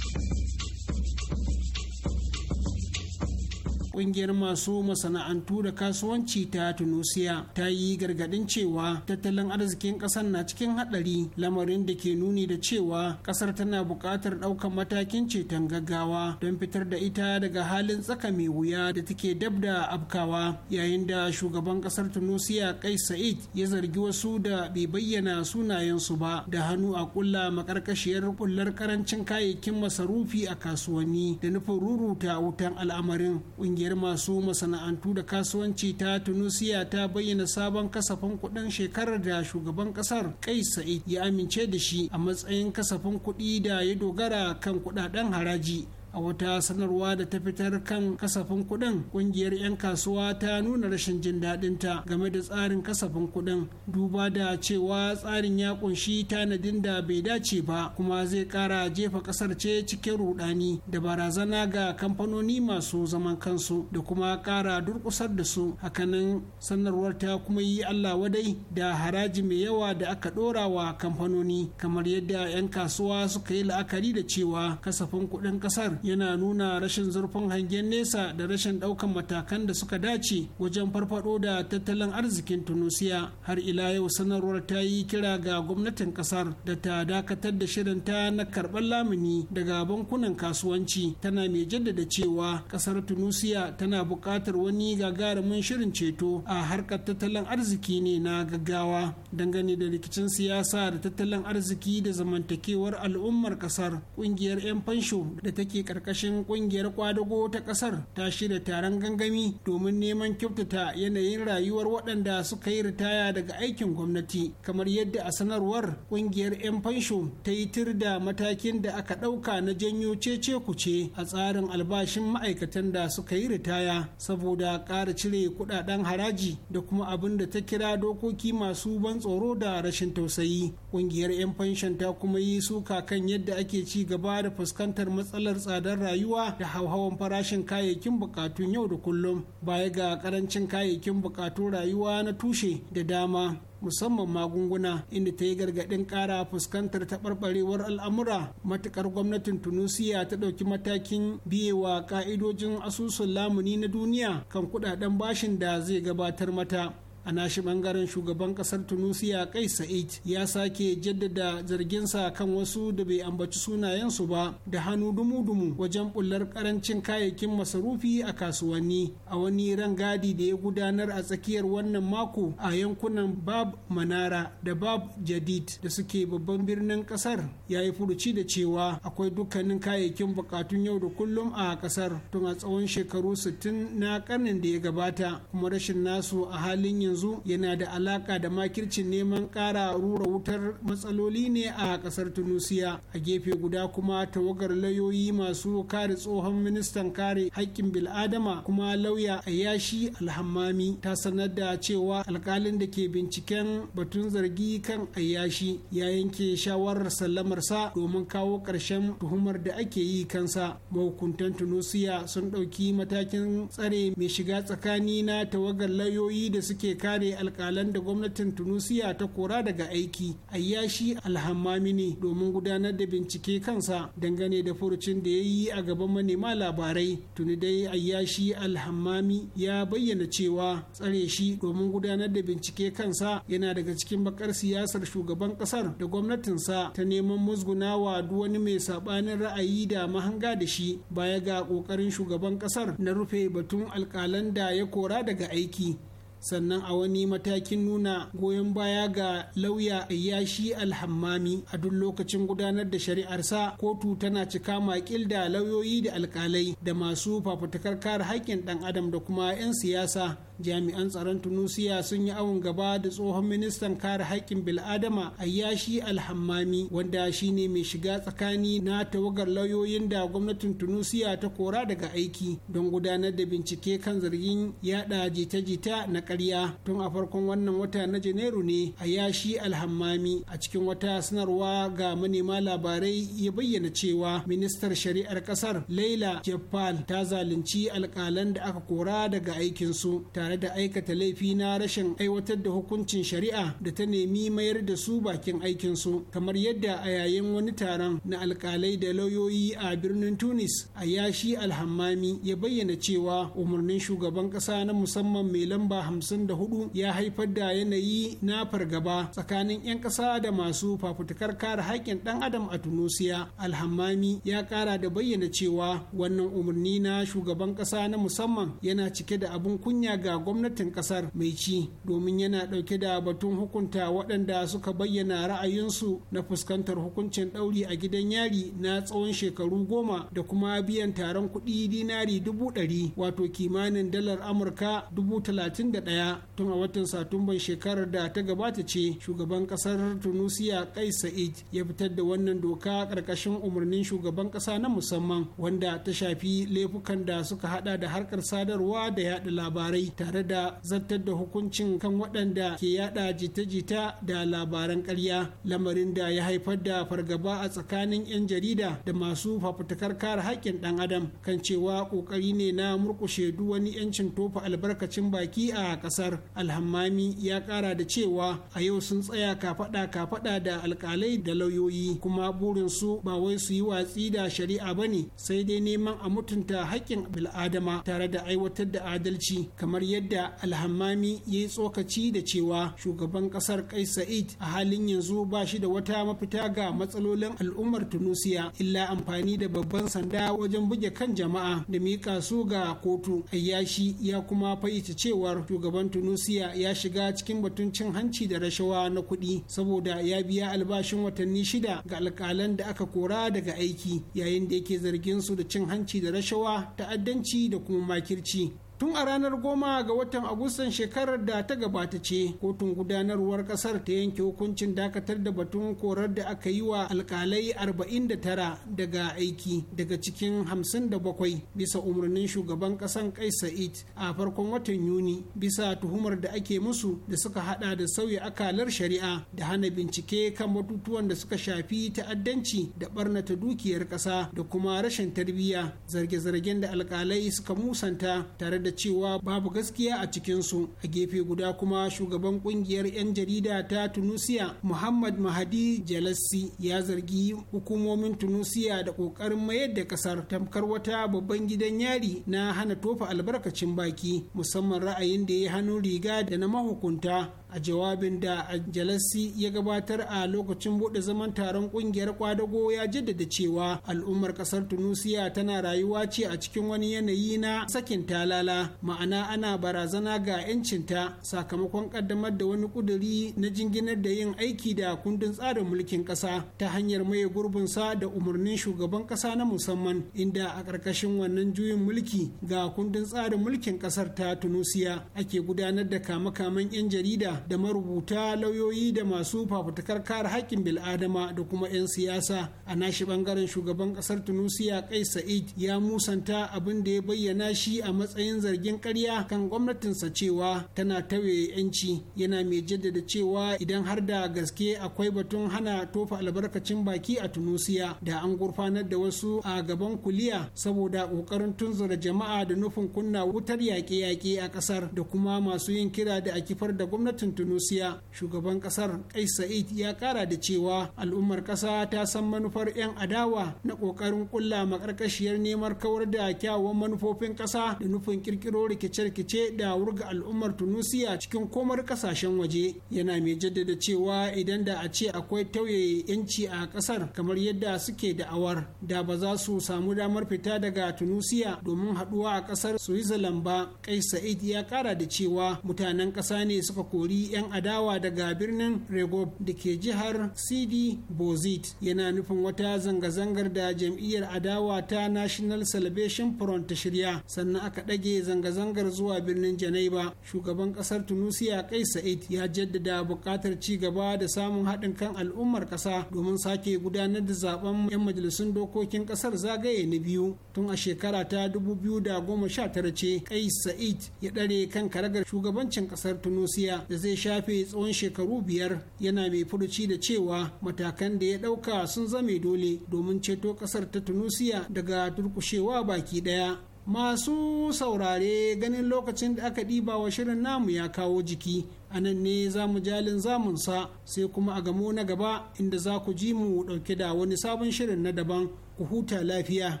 kungiyar masu masana'antu da kasuwanci ta tunisia ta yi gargadin cewa tattalin arzikin kasar na cikin hadari lamarin da ke nuni da cewa kasar tana buƙatar ɗaukar matakin ceton gaggawa don fitar da ita daga halin tsaka mai wuya da take dab da afkawa yayin da shugaban kasar tunisia kai sa'id ya zargi wasu da bai bayyana sunayensu ba da hannu a kulla makarkashiyar kullar karancin kayayyakin masarufi a kasuwanni da nufin ruruta wutan al'amarin yar masu masana'antu da kasuwanci ta Tunusiya ta bayyana sabon kasafin kuɗin shekarar da shugaban kasar Kai Sa'id ya amince da shi a matsayin kasafin kudi da ya dogara kan kudaden haraji. a wata sanarwa da ta fitar kan kasafin kuɗin ƙungiyar 'yan kasuwa ta nuna rashin jin daɗinta game da tsarin kasafin kuɗin duba da cewa tsarin ya ƙunshi tanadin da bai dace ba kuma zai ƙara jefa ƙasar ce cikin rudani da barazana ga kamfanoni masu zaman kansu da kuma ƙara durƙusar da su hakanan sanarwar ta kuma yi allah wadai da haraji mai yawa da aka ɗora wa kamfanoni kamar yadda 'yan kasuwa suka yi la'akari da cewa kasafin kuɗin ƙasar yana nuna rashin zurfin hangen nesa da rashin ɗaukan matakan da suka dace wajen farfado da tattalin arzikin tunisia har ila yau sanarwar ta yi kira ga gwamnatin kasar da ta dakatar da shirin ta na karɓar lamuni daga bankunan kasuwanci tana mai jaddada cewa kasar tunisia tana buƙatar wani gagarumin shirin ceto a harkar tattalin arziki ne na gaggawa dangane da rikicin siyasa da tattalin arziki da zamantakewar al'ummar kasar ƙungiyar 'yan fansho da take karkashin ƙungiyar kwadago ta ƙasar ta shirya taron gangami domin neman kyautata yanayin rayuwar waɗanda suka yi ritaya daga aikin gwamnati kamar yadda a sanarwar ƙungiyar 'yan fansho ta yi tir da matakin da aka ɗauka na janyo cece ce a tsarin albashin ma'aikatan da suka yi ritaya saboda ƙara cire kuɗaɗen haraji da kuma abin da ta kira dokoki masu ban tsoro da rashin tausayi ƙungiyar 'yan fanshon ta kuma yi suka kan yadda ake ci gaba da fuskantar matsalar tsada tsadar rayuwa da hauhawan farashin kayayyakin bukatun yau da kullum baya ga karancin kayayyakin bukatun rayuwa na tushe da dama musamman magunguna inda ta yi gargaɗin ƙara fuskantar taɓarɓarewar al'amura matuƙar gwamnatin tunisia ta ɗauki matakin biyewa ƙa'idojin asusun lamuni na duniya kan kuɗaɗen bashin da zai gabatar mata a nashi bangaren shugaban kasar tunisia kai sa'id ya sake jaddada zarginsa kan wasu da bai ambaci sunayensu ba da hannu dumu-dumu wajen bullar karancin kayayyakin masarufi a kasuwanni a wani rangadi da ya gudanar a tsakiyar wannan mako a yankunan bab manara da bab jadid da suke babban birnin kasar ya yi furuci da cewa akwai dukkanin kayayyakin bukatun yau da kullum a kasar tun a tsawon shekaru sittin na karnin da ya gabata kuma rashin nasu a halin yanzu yanzu yana da alaka da makircin neman ƙara rura wutar matsaloli ne a ƙasar tunusiya a gefe guda kuma tawagar lauyoyi masu kare tsohon ministan kare haƙƙin bil'adama kuma lauya a yashi alhammami ta sanar da cewa alkalin da ke binciken batun zargi kan ayyashi ya yanke shawarar sallamarsa domin kawo ƙarshen tuhumar da ake yi kansa mahukuntan tunusiya sun ɗauki matakin tsare mai shiga tsakani na tawagar lauyoyi da suke kare alkalan da gwamnatin tunisia ta kora daga aiki ayyashi alhammami ne domin gudanar da bincike kansa dangane da furucin da ya yi a gaban manema labarai tuni dai ayyashi alhammami ya bayyana cewa tsare shi domin gudanar da bincike kansa yana daga cikin bakar siyasar shugaban kasar da gwamnatinsa ta neman musgunawa duk wani mai sabanin ra'ayi da mahanga da shi baya ga kokarin shugaban kasar na rufe batun alkalan da ya kora daga aiki sannan a wani matakin nuna goyon baya ga lauya yashi alhammami a duk lokacin gudanar da shari'arsa kotu tana cika makil da lauyoyi da alkalai da masu fafutukar kare haƙƙin ɗan adam da kuma 'yan siyasa jami'an tsaron tunusiya sun yi awon gaba da tsohon ministan kare haƙƙin bil'adama ayyashi alhammami wanda shine mai shiga tsakani na tawagar lauyoyin da gwamnatin tunusiya ta kora daga aiki don gudanar da bincike kan zargin yada jita-jita na karya tun a farkon wannan wata na janairu ne a yashi alhammami a cikin wata sanarwa ga manema labarai ya bayyana cewa ministar shari'ar kasar laila jeffal ta zalunci alkalan da aka kora daga aikinsu tare da aikata laifi na rashin aiwatar da hukuncin shari'a da ta nemi mayar da su bakin aikinsu kamar yadda a yayin wani taron na alkalai da lauyoyi a birnin tunis a yashi alhammami ya bayyana cewa umarnin shugaban kasa na musamman mai lamba 54 ya haifar da yanayi na fargaba tsakanin 'yan ƙasa da masu fafutukar kare haƙƙin ɗan adam a tunusiya alhammami ya ƙara da bayyana cewa wannan umarni na shugaban ƙasa na musamman yana cike da abin kunya ga gwamnatin ƙasar mai ci domin yana ɗauke da batun hukunta waɗanda suka bayyana ra'ayinsu na fuskantar hukuncin ɗauri a gidan yari na tsawon shekaru goma da kuma biyan taron kuɗi dinari dubu ɗari wato kimanin dalar amurka dubu talatin da ɗaya daya tun a watan satumban shekarar da ta gabata ce shugaban ƙasar tunisia kais sa'id ya fitar da wannan doka ƙarƙashin umarnin shugaban ƙasa na musamman wanda ta shafi laifukan da suka hada da harkar sadarwa da yada labarai tare da zartar da hukuncin kan waɗanda ke yada jita-jita da labaran karya lamarin da ya haifar da fargaba a tsakanin 'yan jarida da masu fafutukar kare haƙƙin ɗan adam kan cewa ƙoƙari ne na murƙushe duk wani 'yancin tofa albarkacin baki a a kasar alhammami ya kara da cewa a yau sun tsaya kafada kafada da alkalai da lauyoyi kuma burinsu ba wai su yi watsi da shari'a ba ne sai dai neman a mutunta haƙƙin bil'adama tare da aiwatar da adalci kamar yadda alhamami ya yi tsokaci da cewa shugaban kasar kai sa'id a halin yanzu ba shi da wata mafita ga matsalolin al'ummar tunusiya illa amfani da babban sanda wajen buge kan jama'a da miƙa su ga kotu ayyashi ya kuma fayyace cewar shugaban tunisia ya shiga cikin batun cin hanci da rashawa na kuɗi saboda ya biya albashin watanni shida ga alƙalan da aka kora daga aiki yayin da yake zargin su da cin hanci da rashawa ta'addanci da kuma makirci tun a ranar goma ga watan agustan shekarar da ta gabata ce kotun gudanarwar kasar ta yanke hukuncin dakatar da batun korar da aka yi wa alkalai 49 daga aiki daga cikin 57 bisa umarnin shugaban kasan kai sa'id a farkon watan yuni bisa tuhumar da ake musu da suka hada da sauya akalar shari'a da hana bincike kan batutuwan da suka shafi ta'addanci da barnata dukiyar kasa da kuma rashin tarbiyya zarge-zargen da alkalai suka musanta tare da cewa babu gaskiya a cikinsu a gefe guda kuma shugaban kungiyar 'yan jarida ta tunisia muhammad mahadi jalassi ya zargi hukumomin tunisia da kokarin mayar da kasar tamkar wata babban gidan yari na hana tofa albarkacin baki musamman ra'ayin da ya hannu riga da na mahukunta a jawabin da Al-Jalasi ya gabatar a lokacin buɗe zaman taron ƙungiyar kwadago ya jaddada cewa al'ummar ƙasar Tunusiya tana rayuwa ce a cikin wani yanayi na sakin talala ma'ana ana barazana ga 'yancinta sakamakon ƙaddamar da wani ƙuduri na jinginar da yin aiki da kundin tsarin mulkin ƙasa ta hanyar maye gurbinsa da umarnin shugaban ƙasa na musamman inda a ƙarƙashin wannan juyin mulki ga kundin tsarin mulkin ƙasar ta Tunusiya ake gudanar da kama-kaman 'yan jarida da marubuta lauyoyi da masu fafutukar kare haƙƙin bil'adama da kuma 'yan siyasa a nashi ɓangaren shugaban ƙasar tunisia kai sa'id ya musanta abin da ya bayyana shi a matsayin zargin ƙarya kan gwamnatinsa cewa tana tauye 'yanci yana mai jaddada cewa idan har da gaske akwai batun hana tofa albarkacin baki a tunisia da an gurfanar da wasu a gaban kuliya saboda ƙoƙarin tunzura jama'a da nufin kunna wutar yaƙe-yaƙe a ƙasar da kuma masu yin kira da a kifar da gwamnatin Tunusiya shugaban kasar kais sa'id ya kara da cewa al'ummar kasa ta san manufar 'yan adawa na kokarin kulla makarkashiyar neman kawar da kyawawan manufofin kasa da nufin kirkiro rikice-rikice da wurga al'ummar Tunusiya cikin komar kasashen waje yana mai jaddada cewa idan da a ce akwai tauye 'yanci a kasar kamar yadda suke da'awar da ba za su samu damar fita daga Tunusiya domin haduwa a kasar switzerland ba kai sa'id ya kara da cewa mutanen kasa ne suka kori 'yan adawa daga birnin Regob da ke jihar Sidi Bozit yana nufin wata zanga-zangar da jam'iyyar adawa ta National Salvation Front ta shirya sannan aka ɗage zanga-zangar zuwa birnin Janaiba. Shugaban ƙasar Tunusiya Kai Sa'id ya jaddada buƙatar ci gaba da samun haɗin kan al'ummar ƙasa domin sake gudanar da zaben 'yan majalisun dokokin ƙasar zagaye na biyu tun a shekara ta 2019 ce Kai Sa'id ya ɗare kan karagar shugabancin ƙasar Tunusiya da zai shafe tsawon shekaru biyar yana mai furuci da cewa matakan da ya ɗauka sun zame dole domin ceto ƙasar ta tunusiya daga turkushewa baki ɗaya masu saurare ganin lokacin da aka ɗiba wa shirin namu ya kawo jiki a nan ne za mu jalin zamunsa sai kuma a gamo na gaba inda za ku ji mu ɗauke da wani sabon shirin na daban ku huta lafiya.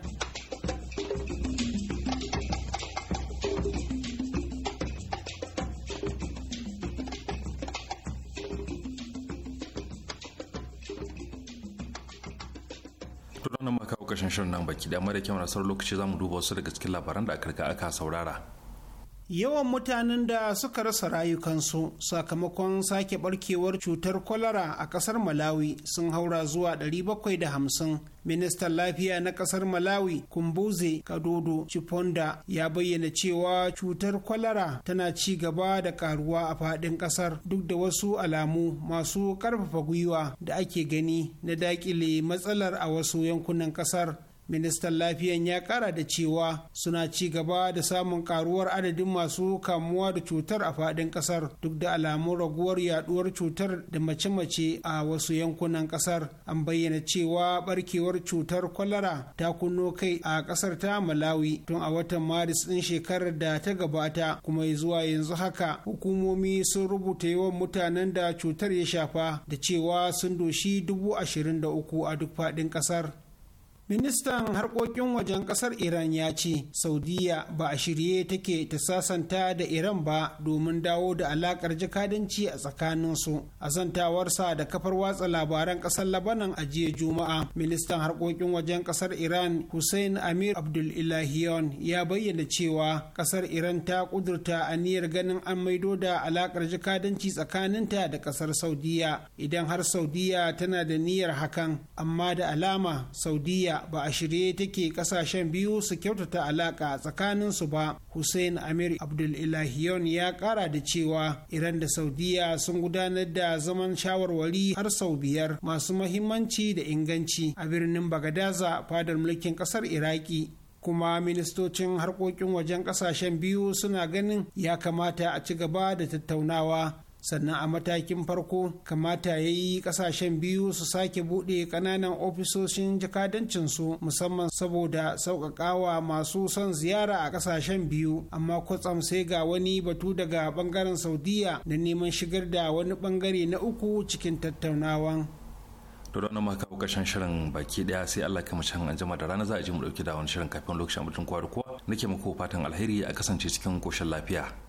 shirin nan baki da mara kyau na lokaci za mu duba wasu daga cikin labaran da aka aka saurara yawan mutanen da suka rasa rayukansu sakamakon sake barkewar cutar kwalara a kasar malawi sun haura zuwa 750 ministan lafiya na kasar malawi kumbuze kadodo chiponda ya bayyana cewa cutar kwalara tana ci gaba da karuwa a fadin kasar duk da wasu alamu masu karfafa gwiwa da ake gani na dakile matsalar a wasu yankunan kasar ministan lafiyan ya kara da cewa suna ci gaba da samun karuwar adadin masu kamuwa da cutar a fadin kasar duk da alamun raguwar yaduwar cutar da mace-mace a wasu yankunan kasar an bayyana cewa barkewar cutar kwalara ta kunno kai a kasar ta malawi tun a watan maris din shekarar da ta gabata kuma zuwa yanzu haka hukumomi sun rubuta yawan mutanen da cutar ya shafa da cewa sun doshi dubu ashirin da uku a duk fadin kasar ministan harkokin wajen kasar iran ya ce saudiya ba a shirye take ta sasanta da iran ba domin dawo da alakar jakadanci a tsakaninsu a zantawarsa da kafar watsa labaran kasar labanan a jiya juma'a ministan harkokin wajen kasar iran hussein amir abdul ilahiyon ya bayyana cewa kasar iran ta kudurta niyyar ganin an maido da alakar jakadanci tsakaninta da kasar saudiya idan har saudiya tana da niyyar hakan amma da alama saudiya Turkiyya ba a shirye take kasashen biyu su kyautata alaka tsakanin su ba. Hussein Amir Abdul Ilahiyon ya kara da cewa Iran da Saudiya sun gudanar da zaman shawarwari har sau biyar masu mahimmanci da inganci a birnin Bagadaza fadar mulkin kasar Iraki. kuma ministocin harkokin wajen kasashen biyu suna ganin ya kamata a ci gaba da tattaunawa sannan a matakin farko kamata ya yi kasashen biyu su sake buɗe ƙananan ofisoshin jakadancinsu musamman saboda sauƙaƙawa masu son ziyara a ƙasashen biyu amma kwatsam sai ga wani batu daga ɓangaren saudiya na neman shigar da wani ɓangare na uku cikin tattaunawan to don ma kawo shirin baki daya sai Allah kama can an jima da rana za a ji mu dauki da wani shirin kafin lokacin abin kwari kuwa nake muku fatan alheri a kasance cikin koshin lafiya